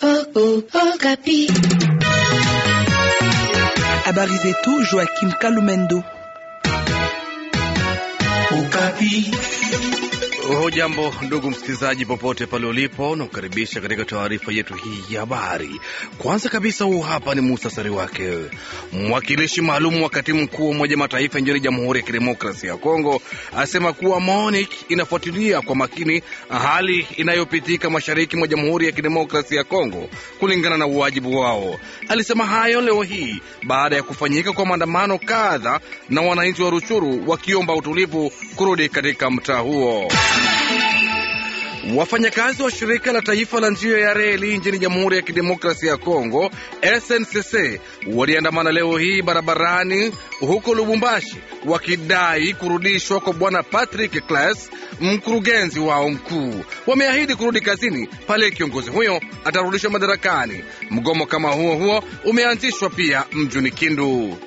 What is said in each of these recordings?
Po, po, po kapi. A barize tou, Joaquin Kalumendo. Po kapi. Hujambo ndugu msikilizaji, popote pale ulipo, nakukaribisha katika taarifa yetu hii ya habari. Kwanza kabisa, huu hapa ni muhtasari wake. Mwakilishi maalum wa katibu mkuu wa Umoja Mataifa nchini Jamhuri ya Kidemokrasia ya Kongo asema kuwa MONUC inafuatilia kwa makini hali inayopitika mashariki mwa Jamhuri ya Kidemokrasia ya Kongo kulingana na uwajibu wao. Alisema hayo leo hii baada ya kufanyika kwa maandamano kadha na wananchi wa Ruchuru wakiomba utulivu kurudi katika mtaa huo. Wafanyakazi wa shirika la taifa la njia ya reli nchini Jamhuri ya Kidemokrasia ya Kongo, SNCC, waliandamana leo hii barabarani huko Lubumbashi wakidai kurudishwa kwa Bwana Patrick Claes, mkurugenzi wao mkuu. Wameahidi kurudi kazini pale kiongozi huyo atarudishwa madarakani. Mgomo kama huo huo umeanzishwa pia mjini Kindu.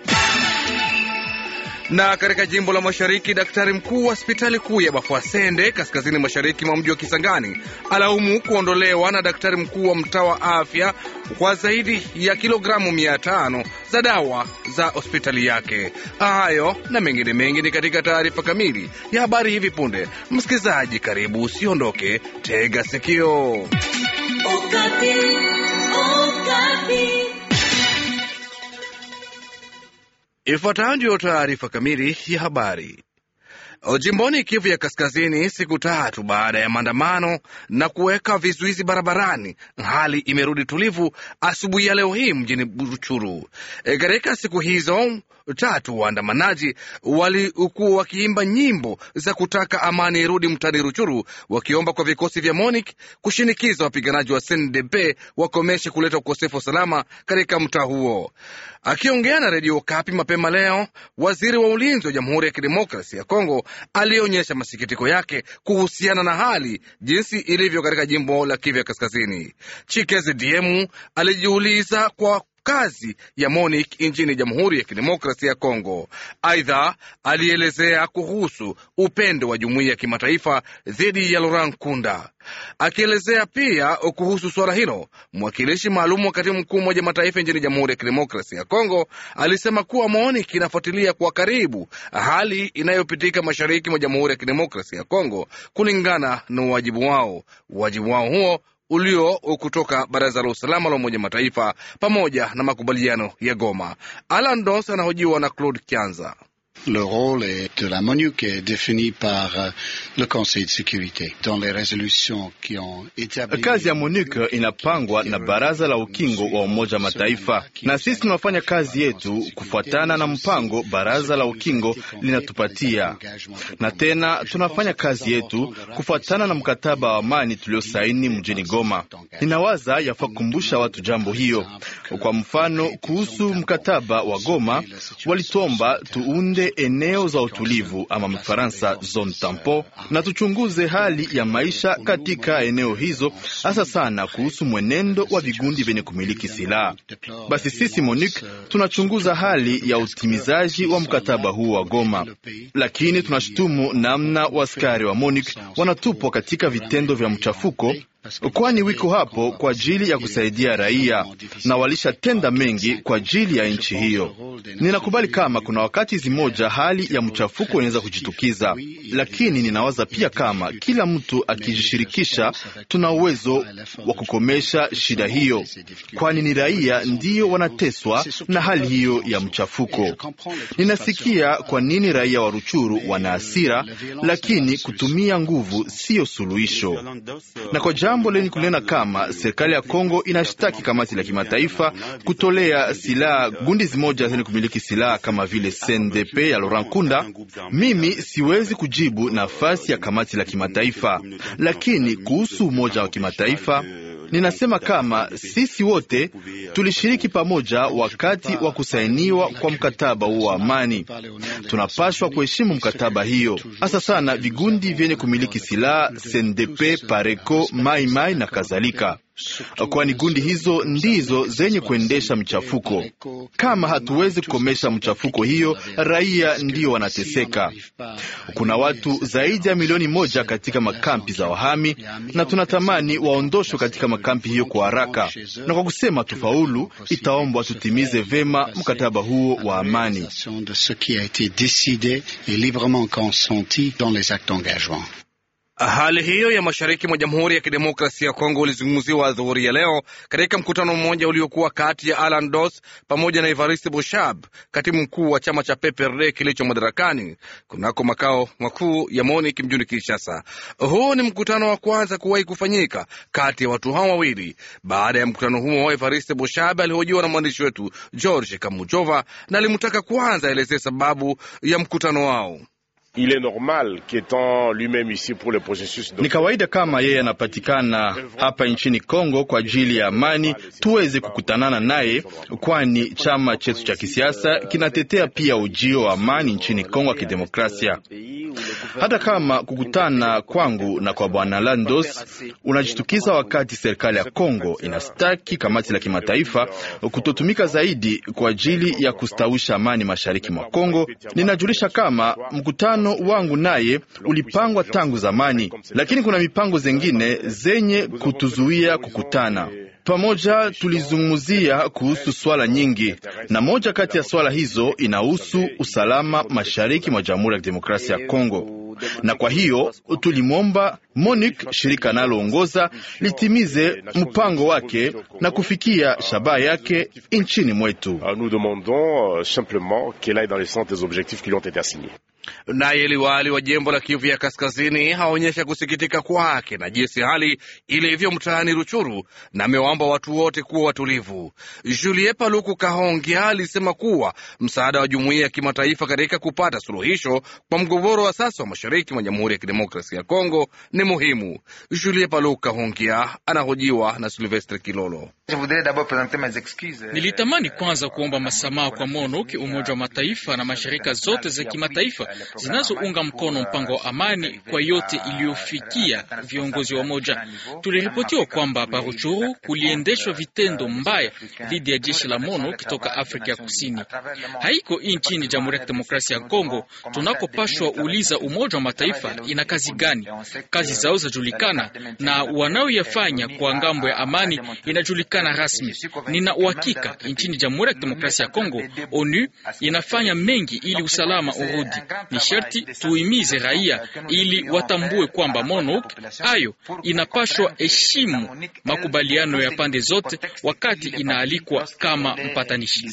Na katika jimbo la mashariki, daktari mkuu wa hospitali kuu ya Bafuasende kaskazini mashariki mwa mji wa Kisangani alaumu kuondolewa na daktari mkuu wa mtaa wa afya kwa zaidi ya kilogramu mia tano za dawa za hospitali yake. Hayo na mengine mengi ni katika taarifa kamili ya habari hivi punde. Msikilizaji, karibu, usiondoke, tega sikio. Okapi, Okapi. Ifuatayo ndiyo taarifa kamili ya habari. Jimboni Kivu ya Kaskazini, siku tatu baada ya maandamano na kuweka vizuizi barabarani, hali imerudi tulivu asubuhi ya leo hii mjini Buchuru. E, katika siku hizo tatu waandamanaji walikuwa wakiimba nyimbo za kutaka amani irudi mtani Ruchuru, wakiomba kwa vikosi vya MONIC kushinikiza wapiganaji wa CNDP wakomeshe kuleta ukosefu wa usalama katika mtaa huo. Akiongea na redio Kapi mapema leo, waziri wa ulinzi wa Jamhuri ya kidemokrasi ya Kongo alionyesha masikitiko yake kuhusiana na hali jinsi ilivyo katika jimbo la Kivu ya Kaskazini. Chikezi DM alijiuliza kwa kazi ya MONIC nchini Jamhuri ya Kidemokrasia ya Kongo. Aidha, alielezea kuhusu upendo wa jumuiya ya kimataifa dhidi ya Laurent kunda Akielezea pia kuhusu suala hilo, mwakilishi maalum wa katibu mkuu Umoja Mataifa nchini Jamhuri ya Kidemokrasia ya Kongo alisema kuwa MONUC inafuatilia kwa karibu hali inayopitika mashariki mwa Jamhuri ya Kidemokrasia ya Kongo kulingana na uwajibu wao uwajibu wao huo ulio kutoka Baraza la Usalama la Umoja Mataifa pamoja na makubaliano ya Goma. Alan Dos anahojiwa na Claude Kianza. Le rôle est de la qui est défini par euh, le Conseil de sécurité dans les résolutions qui ont établi. Euh, kazi ya MONUC inapangwa na Baraza la Ukingo wa Umoja Mataifa, na sisi tunafanya kazi yetu kufuatana na mpango Baraza la Ukingo linatupatia, na tena tunafanya kazi yetu kufuatana na mkataba wa amani tuliosaini mjini Goma. Ninawaza yafaa kukumbusha watu jambo hiyo. Kwa mfano, kuhusu mkataba wa Goma walituomba tuunde tutafute eneo za utulivu ama mfaransa zone tampo, na tuchunguze hali ya maisha katika eneo hizo, hasa sana kuhusu mwenendo wa vigundi vyenye kumiliki silaha. Basi sisi MONUC tunachunguza hali ya utimizaji wa mkataba huu wa Goma, lakini tunashutumu namna waskari wa MONUC wanatupwa katika vitendo vya mchafuko kwani wiko hapo kwa ajili ya kusaidia raia na walishatenda mengi kwa ajili ya nchi hiyo. Ninakubali kama kuna wakati zimoja hali ya mchafuko inaweza kujitukiza, lakini ninawaza pia kama kila mtu akijishirikisha, tuna uwezo wa kukomesha shida hiyo, kwani ni raia ndiyo wanateswa na hali hiyo ya mchafuko. Ninasikia kwa nini raia wa Ruchuru wana hasira, lakini kutumia nguvu siyo suluhisho na kwa jambo lenye kunena kama serikali ya Kongo inashtaki kamati la kimataifa kutolea silaha gundi zimoja zenye kumiliki silaha kama vile CNDP ya Laurent kunda Mimi siwezi kujibu nafasi ya kamati la kimataifa, lakini kuhusu umoja wa kimataifa Ninasema kama sisi wote tulishiriki pamoja wakati wa kusainiwa kwa mkataba huo wa amani, tunapashwa kuheshimu mkataba hiyo, hasa sana vigundi vyenye kumiliki silaha SNDP, Pareko, Maimai na kadhalika kwani gundi hizo ndizo zenye kuendesha mchafuko. Kama hatuwezi kukomesha mchafuko hiyo, raia ndiyo wanateseka. Kuna watu zaidi ya milioni moja katika makampi za wahami, na tunatamani waondoshwe katika makampi hiyo kwa haraka, na kwa kusema tufaulu, itaombwa tutimize vema mkataba huo wa amani. Hali hiyo ya mashariki mwa Jamhuri ya Kidemokrasia ya Kongo ulizungumziwa dhuhuri ya leo katika mkutano mmoja uliokuwa kati ya Alan Dos pamoja na Evariste Boshab, katibu mkuu wa chama cha PPRD kilicho madarakani, kunako makao makuu ya MONUC mjini Kinshasa. Huu ni mkutano wa kwanza kuwahi kufanyika kati ya watu hao wawili. Baada ya mkutano huo, Evariste Boshab alihojiwa na mwandishi wetu George Kamujova na alimtaka kwanza aelezee sababu ya mkutano wao normal Ni kawaida kama yeye anapatikana hapa nchini Kongo kwa ajili ya amani, tuweze kukutanana naye, kwani chama chetu cha kisiasa kinatetea pia ujio wa amani nchini Kongo ya Kidemokrasia hata kama kukutana kwangu na kwa bwana Landos unajitukiza wakati serikali ya Kongo inastaki kamati la kimataifa kutotumika zaidi kwa ajili ya kustawisha amani mashariki mwa Kongo. Ninajulisha kama mkutano wangu naye ulipangwa tangu zamani, lakini kuna mipango zengine zenye kutuzuia kukutana. Pamoja tulizungumzia kuhusu swala nyingi, na moja kati ya swala hizo inahusu usalama mashariki mwa Jamhuri ya Kidemokrasia ya Kongo na kwa hiyo tulimwomba MONUC shirika analoongoza litimize mpango wake na kufikia shabaha yake nchini mwetu. Naye liwali wa jimbo la Kivu ya Kaskazini haonyesha kusikitika kwake na jinsi hali ilivyo mtaani Ruchuru na amewaomba watu wote kuwa watulivu. Julie Paluku kahongia alisema kuwa msaada wa jumuiya ya kimataifa katika kupata suluhisho kwa mgogoro wa sasa wa mashariki mwa Jamhuri ya Kidemokrasia ya Kongo ni muhimu. Julie Paluku kahongia anahojiwa na Silvestre Kilolo. Nilitamani kwanza kuomba masamaha kwa MONUC, Umoja wa Mataifa na mashirika zote za kimataifa zinazounga mkono mpango wa amani kwa yote iliyofikia viongozi wa moja. Tuliripotiwa kwamba Paruchuru kuliendeshwa vitendo mbaya dhidi ya jeshi la MONUC toka Afrika ya Kusini. Haiko nchini Jamhuri ya Kidemokrasia ya Kongo, tunakopashwa uliza Umoja wa Mataifa ina kazi gani? Kazi zao zajulikana na wanaoyafanya kwa ngambo ya amani inajulikana kujulikana rasmi. Nina uhakika nchini Jamhuri ya Kidemokrasia ya Kongo ONU inafanya mengi ili usalama urudi. Ni sharti tuimize raia ili watambue kwamba MONUC ayo inapashwa heshimu makubaliano ya pande zote wakati inaalikwa kama mpatanishi.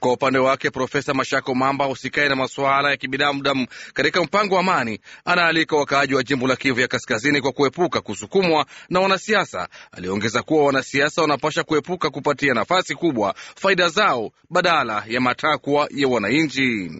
Kwa upande wake Profesa Mashako Mamba husikae na masuala ya kibinadamu katika mpango wa amani, anaalika wakaaji wa jimbo la Kivu ya Kaskazini kwa kuepuka kusukumwa na wanasiasa. Aliongeza kuwa wanasiasa wanapasha kuepuka kupatia nafasi kubwa faida zao badala ya matakwa ya wananchi.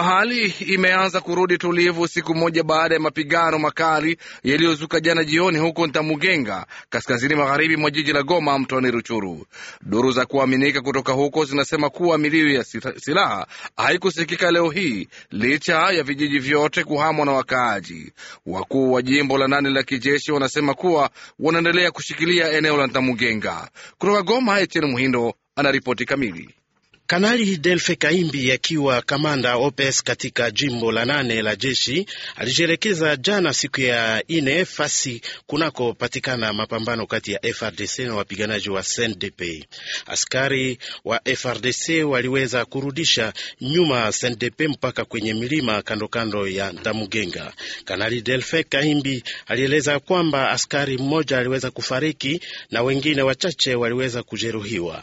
Hali imeanza kurudi tulivu siku moja baada ya mapigano makali yaliyozuka jana jioni huko Ntamugenga, kaskazini magharibi mwa jiji la Goma, mtoani Ruchuru. Duru za kuaminika kutoka huko zinasema kuwa milio ya silaha haikusikika leo hii licha ya vijiji vyote kuhamwa na wakaaji. Wakuu wa jimbo la nane la kijeshi wanasema kuwa wanaendelea kushikilia eneo la Ntamugenga. Kutoka Goma, Etienne Muhindo anaripoti kamili. Kanali Delfe Kaimbi akiwa kamanda OPS katika jimbo la nane la jeshi alijielekeza jana siku ya ine fasi kunakopatikana mapambano kati ya FRDC na wapiganaji wa SNDP. Askari wa FRDC waliweza kurudisha nyuma SNDP mpaka kwenye milima kando kando ya Damugenga. Kanali Delfe Kaimbi alieleza kwamba askari mmoja aliweza kufariki na wengine wachache waliweza kujeruhiwa.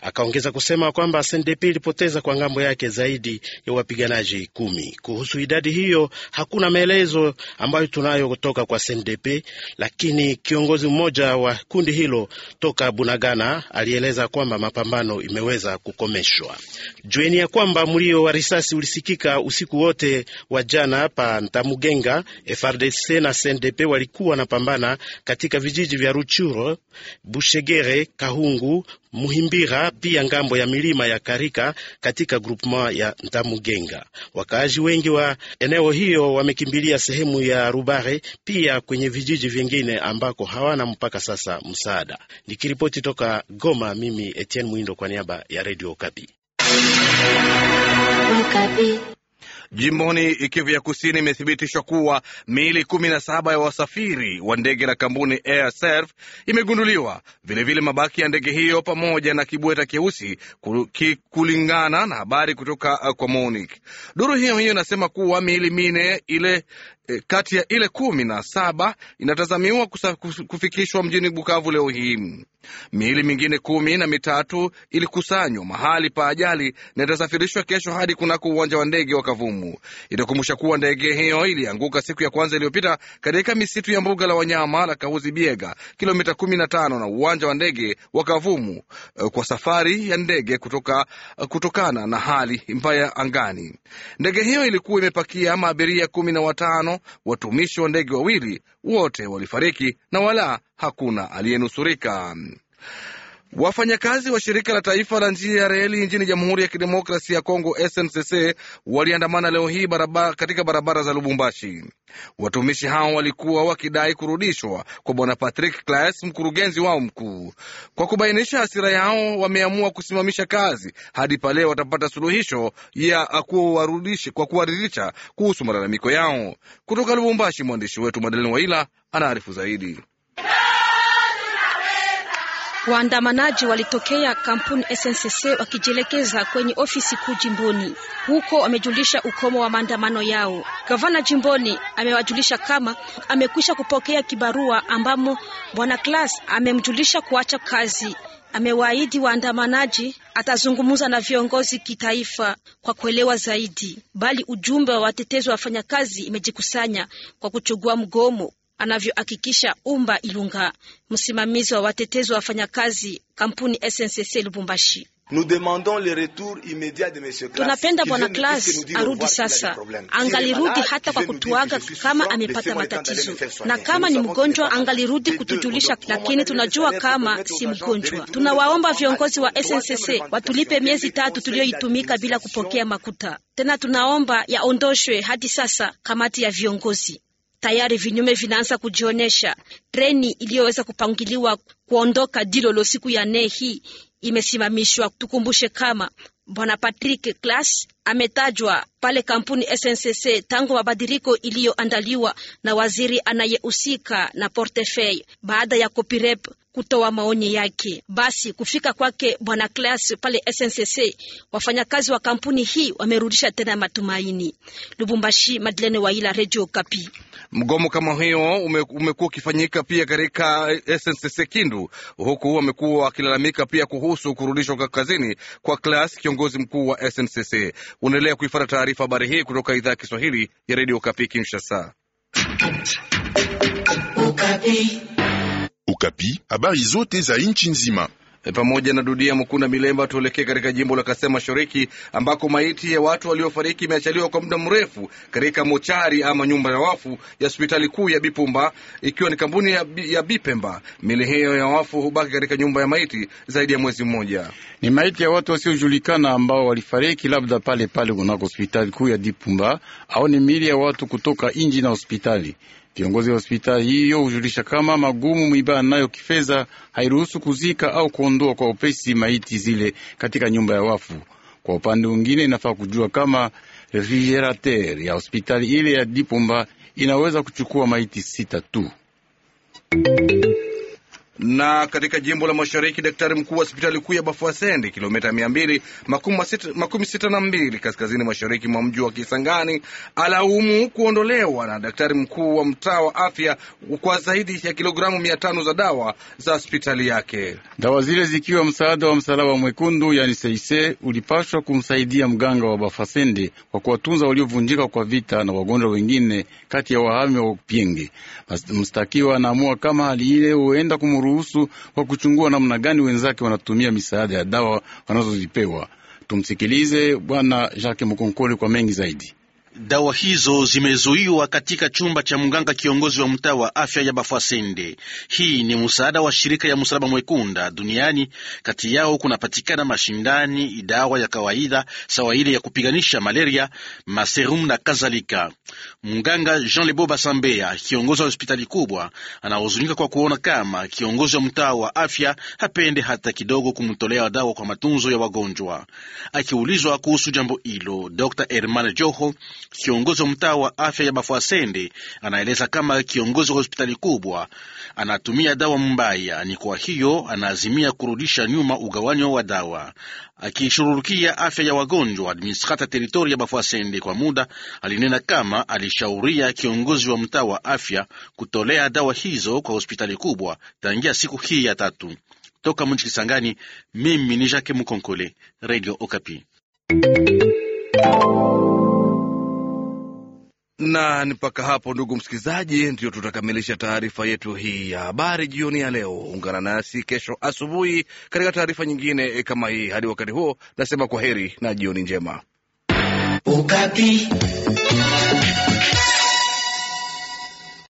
Akaongeza kusema kwamba SNDP ilipoteza kwa ngambo yake zaidi ya wapiganaji kumi. Kuhusu idadi hiyo hakuna maelezo ambayo tunayo kutoka kwa SNDP, lakini kiongozi mmoja wa kundi hilo toka Bunagana alieleza kwamba mapambano imeweza kukomeshwa. Jueni ya kwamba mlio wa risasi ulisikika usiku wote wa jana pa Ntamugenga. FRDC na SNDP walikuwa wanapambana katika vijiji vya Ruchuro, Bushegere, Kahungu, Muhimbira pia ngambo ya milima ya Karika katika groupement ya Ntamugenga. Wakaaji wengi wa eneo hiyo wamekimbilia sehemu ya Rubare pia kwenye vijiji vingine ambako hawana mpaka sasa msaada. Nikiripoti toka Goma, mimi Etienne Mwindo kwa niaba ya redio Kapi. Jimboni Kivu ya Kusini imethibitishwa kuwa miili kumi na saba ya wasafiri wa ndege la kampuni Air imegunduliwa, vilevile mabaki ya ndege hiyo pamoja na kibweta keusi, kulingana na habari kutoka uh, kwa MONUC. Duru hiyo hiyo inasema kuwa miili mine ile E, kati ya ile kumi na saba inatazamiwa kufikishwa mjini Bukavu leo hii. Miili mingine kumi na mitatu ilikusanywa mahali pa ajali na itasafirishwa kesho hadi kunako uwanja wa ndege wa Kavumu. Itakumbusha kuwa ndege hiyo ilianguka siku ya kwanza iliyopita katika misitu ya mbuga la wanyama la Kahuzi Biega, kilomita 15 na uwanja wa ndege wa Kavumu, e, kwa safari ya ndege kutoka, kutokana na hali mbaya angani. Ndege hiyo ilikuwa imepakia maabiria kumi na watano watumishi wa ndege wawili wote walifariki na wala hakuna aliyenusurika. Wafanyakazi wa shirika la taifa la njia ya reli nchini Jamhuri ya Kidemokrasi ya Kongo, SNCC, waliandamana leo hii barabara, katika barabara za Lubumbashi. Watumishi hao walikuwa wakidai kurudishwa kwa Bwana Patrick Claes, mkurugenzi wao mkuu. Kwa kubainisha hasira yao, wameamua kusimamisha kazi hadi pale watapata suluhisho ya kuwarudisha kwa kuwaridhisha kuhusu malalamiko yao. Kutoka Lubumbashi, mwandishi wetu Madeline Waila anaarifu zaidi. Waandamanaji walitokea kampuni SNCC wakijielekeza kwenye ofisi kuu jimboni. Huko wamejulisha ukomo wa maandamano yao. Gavana jimboni amewajulisha kama amekwisha kupokea kibarua ambamo bwana Klas amemjulisha kuacha kazi. Amewaahidi waandamanaji atazungumza na viongozi kitaifa kwa kuelewa zaidi, bali ujumbe wa watetezi wa wafanyakazi imejikusanya kwa kuchugua mgomo anavyohakikisha Umba Ilunga, msimamizi wa watetezi wa wafanyakazi kampuni SNCC Lubumbashi. Tunapenda Bwana Klas arudi sasa, angalirudi hata kwa kutuaga kama amepata matatizo, na kama ni mgonjwa angalirudi kutujulisha, lakini tunajua kama si mgonjwa. Tunawaomba viongozi wa SNCC watulipe miezi tatu tuliyoitumika bila kupokea makuta tena. Tunaomba yaondoshwe hadi sasa kamati ya viongozi tayari vinyume vinaanza kujionyesha. Treni iliyoweza kupangiliwa kuondoka Dilolo siku ya nne hii imesimamishwa. Tukumbushe kama Bwana Patrick Klas ametajwa pale kampuni SNCC tangu mabadiliko iliyoandaliwa na waziri anayehusika na portefeuille baada ya Copirep kutoa maoni yake. Basi kufika kwake bwana Claas pale SNCC, wafanyakazi wa kampuni hii wamerudisha tena matumaini. Lubumbashi, Madlene Waila, Radio Kapi. Mgomo kama hiyo umekuwa ukifanyika pia katika SNCC Kindu, huku wamekuwa wakilalamika pia kuhusu kurudishwa kazini kwa Klas, kiongozi mkuu wa SNCC. Unaendelea kuifata taarifa habari hii kutoka idhaa ya Kiswahili ya redio kapi Kinshasa. Ukapi, habari zote za nchi nzima E, pamoja na dudia Mukunda Milemba, tuelekee katika jimbo la Kasema Mashariki ambako maiti ya watu waliofariki imeachaliwa kwa muda mrefu katika mochari ama nyumba ya wafu ya hospitali kuu ya Bipumba, ikiwa ni kampuni ya, ya Bipemba. Mili hiyo ya wafu hubaki katika nyumba ya maiti zaidi ya mwezi mmoja. Ni maiti ya watu wasiojulikana ambao walifariki labda pale pale kunako hospitali kuu ya Dipumba, au ni mili ya watu kutoka inji na hospitali Viongozi wa hospitali hiyo hujulisha kama magumu mwibaa nayo kifedha hairuhusu kuzika au kuondoa kwa upesi maiti zile katika nyumba ya wafu. Kwa upande mwingine, inafaa kujua kama refrigerateur ya hospitali ile ya Dipumba inaweza kuchukua maiti sita tu. Na katika jimbo la mashariki, daktari mkuu wa hospitali kuu ya Bafuasendi, kilomita mia mbili makumi sita na mbili kaskazini mashariki mwa mji wa Kisangani, alaumu kuondolewa na daktari mkuu wa mtaa wa afya kwa zaidi ya kilogramu mia tano za dawa za hospitali yake, dawa zile zikiwa msaada wa Msalaba Mwekundu yani seise ulipashwa kumsaidia mganga wa Bafuasendi kwa kuwatunza waliovunjika kwa vita na wagonjwa wengine kati ya wahami wa Upyenge. Mstakiwa anaamua kama hali ile huenda kumruhusu kwa kuchungua namna gani wenzake wanatumia misaada ya dawa wanazozipewa. Tumsikilize Bwana Jacques Mkonkoli kwa mengi zaidi. Dawa hizo zimezuiwa katika chumba cha mganga kiongozi wa mtaa wa afya ya Bafwasende. Hii ni msaada wa shirika ya Msalaba Mwekunda duniani. Kati yao kunapatikana mashindani, dawa ya kawaida sawa ile ya kupiganisha malaria, maserum na kadhalika. Mganga Jean Lebo Basambea, kiongozi wa hospitali kubwa, anahuzunika kwa kuona kama kiongozi wa mtaa wa afya hapende hata kidogo kumtolea dawa kwa matunzo ya wagonjwa. Akiulizwa kuhusu jambo hilo, Dr Herman Joho Kiongozi wa mtaa wa afya ya Bafuasende anaeleza kama kiongozi wa hospitali kubwa anatumia dawa mbaya, ni kwa hiyo anaazimia kurudisha nyuma ugawanyo wa dawa. Akishururukia afya ya wagonjwa, administrata teritori ya Bafuasende kwa muda alinena kama alishauria kiongozi wa mtaa wa afya kutolea dawa hizo kwa hospitali kubwa tangia siku hii ya tatu. Toka mji Kisangani, mimi ni Jacques Mukonkole, Radio Okapi. na ni mpaka hapo, ndugu msikilizaji, ndio tutakamilisha taarifa yetu hii ya habari jioni ya leo. Ungana nasi kesho asubuhi katika taarifa nyingine kama hii. Hadi wakati huo, nasema kwa heri na jioni njema. Ukapi.